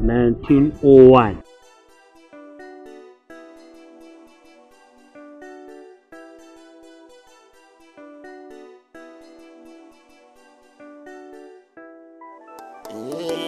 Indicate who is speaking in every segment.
Speaker 1: 1901 yeah.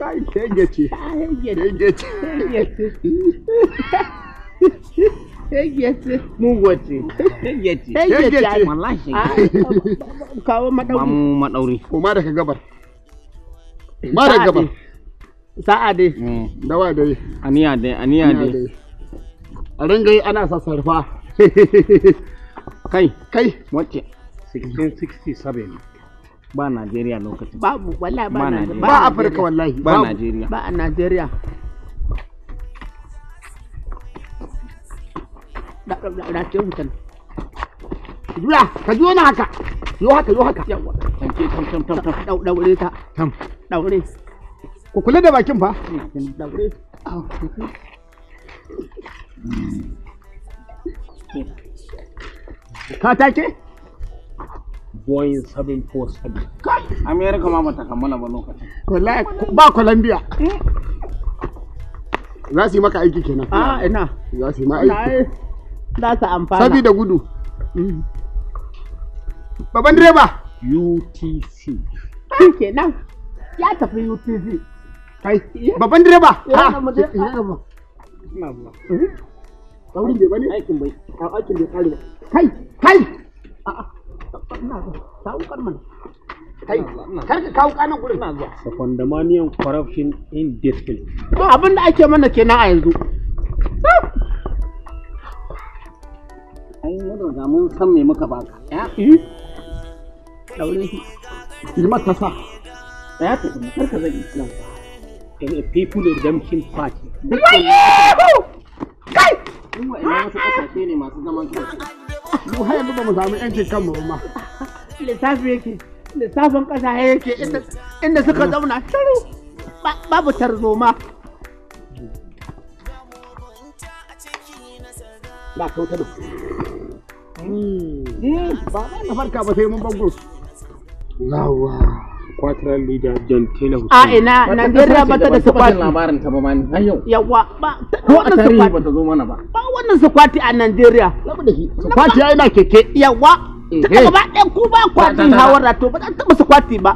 Speaker 1: Kai, kenge ce. Kenge ce. Kenge ce. Mugo ce. Kenge ce. Kenge ce. Wallahi. Kawo madauri. Mamu madauri. Koma daga gabar. Ma daga gabar. Sa'a dai. Mm. Dawa dai. Aniya dai, aniya dai. A ringa yi ana sassarfa. Kai. Kai. Wacce? 1667. ba Najeriya lokaci babu wallahi ba Najeriya ba Afirka wallahi ba Najeriya ba a Najeriya race hutan jura ka ji wani haka yo haka yo haka yawa tanke tam tam tam tam daure ta tam Ɗaure. ku kula da bakin fa daure ka take Boeing 747. Kai, Amerika ma bata kammala ba lokacin. ba Colombia. Za su yi maka aiki kenan. a ah, ina. Za su yi ma aiki. Za su amfana. Sabida gudu. Baban direba. UTC. Kenan. Ya tafi UTC. Kai, baban direba. Ha. Saurin bai bane? Aikin bai. Aikin bai kare ba. Kai, kai. A'a. kai kar ka kawo kanan gurin na zuwa corruption in discipline abin da ake mana kenan a yanzu ai mun da mun san me muka baka ya eh? daure shi jima ta sa ya ta kar ka zai islam in a people redemption party eh, kai in wa'annan wasu kasashe ne masu zaman kansu mu yanzu ba mu samu yancin kanmu ma lissafi yake lissafin ƙasa yake inda suka zauna shiru babu tarzoma ba kauta da hmm, ba na farka ba sai mun Quaterary leader John Taylor Hussein. A ina Najeriya ba ta da sakwati. labarin ta ba ma ni har yau. Yawa ba wannan sukwati. ba ta zo mana ba. Ba wannan sukwati a Najeriya. sukwati ya ina keke. Yawa. Ta eh, eh. gaba ɗan ku ba kwati hawara to ba ta taɓa sakwati ba.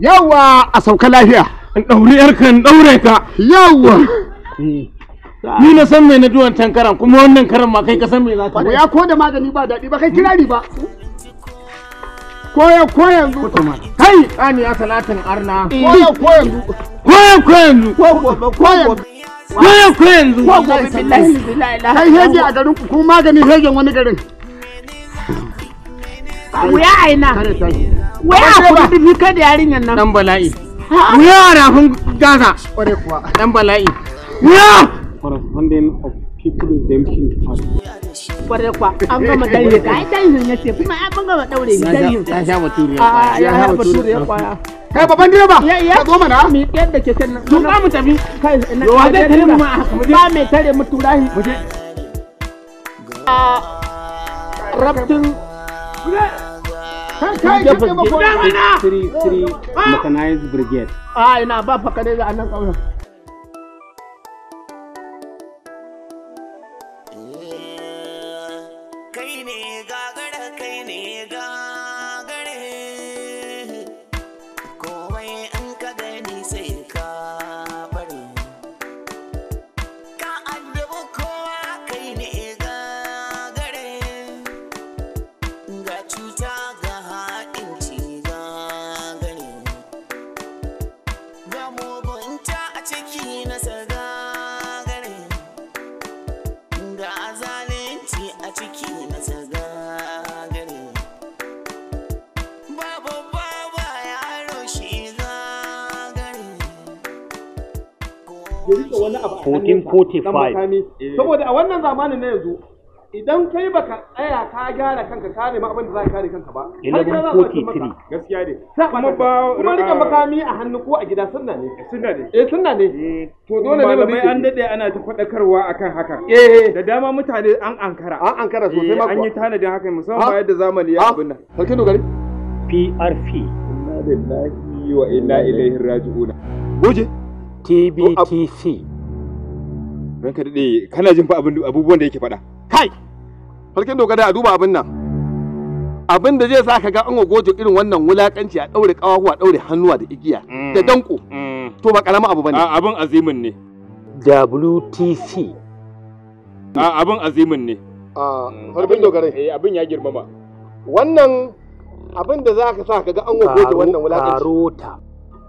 Speaker 1: Yawa a sauka lafiya. In ɗauri yarka in ɗaure ka. Yawa. Eh. ni na san mai na duwan tankaran kuma wannan karan ma kai ka san mai za ka ya ko da magani ba daɗi ba kai kirari ba Koyan koyan yanzu kai Kani ya salatin arna Koyan koyan yanzu Koyan koyan yanzu Koyan koyan yanzu kai hege a garin ku kuma magani hegen wani garin wuya aina wuya a kuma dubi kada yarinyar nan bala'i wuya a rafin gaza dan bala'i wuya for a funding of people redemption fund kwarai kwa an gama ka ai dalilin kuma ai an gama daure ni dalilin ta sha ya ya sha kwaya kai baban direba ka zo mana mi yadda ke kan nan mu tafi kai tare mu ba mai tare mu turahi a rabtin anan kauyen. ya rike wani abu a hannunsa eh. saboda a wannan zamanin na yanzu idan kai baka tsaya ka gyara kanka ka nemi abin da za ka kare kanka ba har ka za ka gaskiya ne kuma ba kuma rike makami a hannu ko a gida sunna ne sunna ne eh sunna ne eh. to dole ne mai an dade ana ta fadakarwa akan haka eh da dama mutane an ankara an ankara sosai eh, ma an yi tanadin haka musamman ba yadda zamani ya abin nan sarki dogari PRP inna lillahi wa inna ilaihi raji'un goje tbtc ranka daɗe kana jin fa abubuwan da yake faɗa kai farkin Dogara da a duba abin nan abin da zai sa ka ga an gojo irin wannan wulakanci a ɗaure ƙawahu a ɗaure hannuwa da igiya da mm. danko mm. to ba ƙaramin abu bane abin azimin ne wtc abin azimin ne farkin mm. Dogara, eh abin ya girmama wannan abin da za ka sa ka ga an gojo wannan wulakanci karota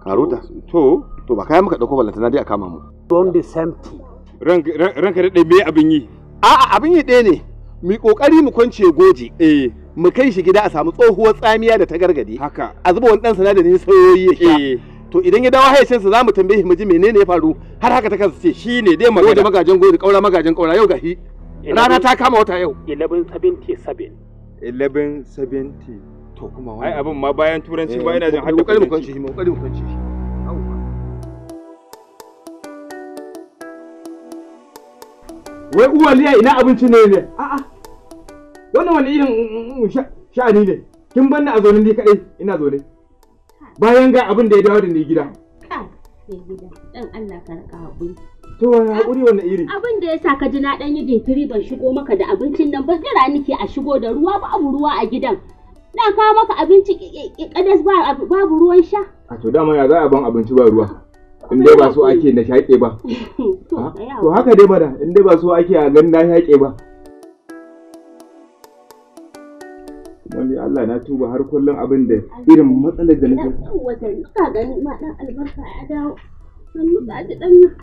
Speaker 1: karota to to ba kai muka dauko ballantana dai a kama mu from the same thing ranka dai me abin yi a'a abin yi ɗaya ne mu kokari mu kwance goji eh mu kai shi gida a samu tsohuwar tsamiya da ta gargadi. haka a zuba wani dan ne sayoyi ya sha eh. to idan ya dawo haishin sa zamu tambaye shi mu ji menene ya faru har haka ta kansa ce shine dai magana da magajin goji kaura magajin kaura yau gashi rana ta kama wata yau 1177 1170 to kuma wai abin ma bayan turanci ba eh, ina jin har kokari mu kwance shi mu kokari mu kwance shi wai uwaliya ina abinci ne ne a'a wannan wani irin mm, mm, sha'ani ne kin banna a zaune ni kadai ina zaune bayan ga abin da ya dawo da ni gida dan Allah ka raka haƙuri to haƙuri wani iri abin da yasa ka ji na dan yi jinkiri ban shigo maka da abincin nan ba jira nake a shigo da ruwa babu ruwa a gidan na kawo maka abinci kadas babu ruwan sha a to dama ya za a ban abinci ba ruwa in dai ba so ake na shaƙe ba to haka dai bada in dai ba so ake a gan na shaƙe ba Kuma ni Allah na tuba har kullum abin da irin matsalar da nake ka gani ma dan albarka ya dawo san mu da dan nan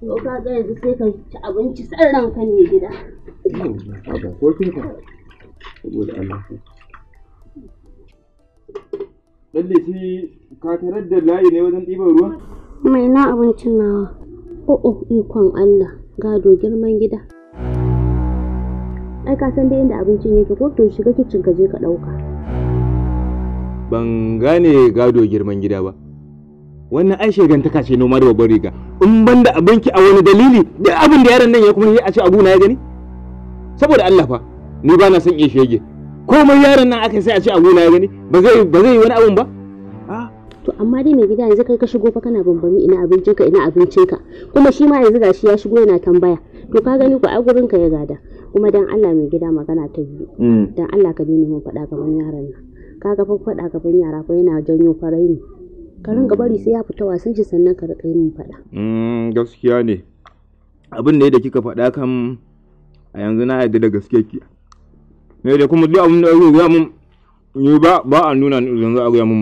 Speaker 1: to ka ga yanzu sai ka ci abinci san ranka ne gida ba ko kin ka saboda Allah Lalle shi ka tarar da layi ne wajen ɗiban ruwa? kuma ina abincin nawa oh, oh ikon allah gado girman gida ai ka san dai inda abincin yake ko to shiga kicin ka je ka ɗauka ban gane gado girman gida ba wannan ai shegantaka ce noma da babban riga in ban da abinki a wani dalili duk abin da yaron nan ya kuma a ce abu na ya gani saboda Allah fa ni ba na son iya shege komai yaron nan aka sai a ce abu na ya gani ba zai ba zai yi wani abun ba amma dai mai gida yanzu kai ka shigo fa kana bambami ina abincinka ina abincinka kuma shi ma yanzu gashi ya shigo yana tambaya to ka gani ku a gurin ka ya gada kuma dan Allah mai gida magana ta biyu mm. dan Allah ka daina mun faɗa gaban yaran nan kaga fa faɗa gaban yara fa yana janyo farai ne ka ringa bari sai ya fita wasan shi sannan ka rika yin faɗa mm, gaskiya ne abin ne da kika faɗa kan a yanzu na yarda da gaske ki ne da kuma duk abin da ya mun yi ba a nuna yanzu a mun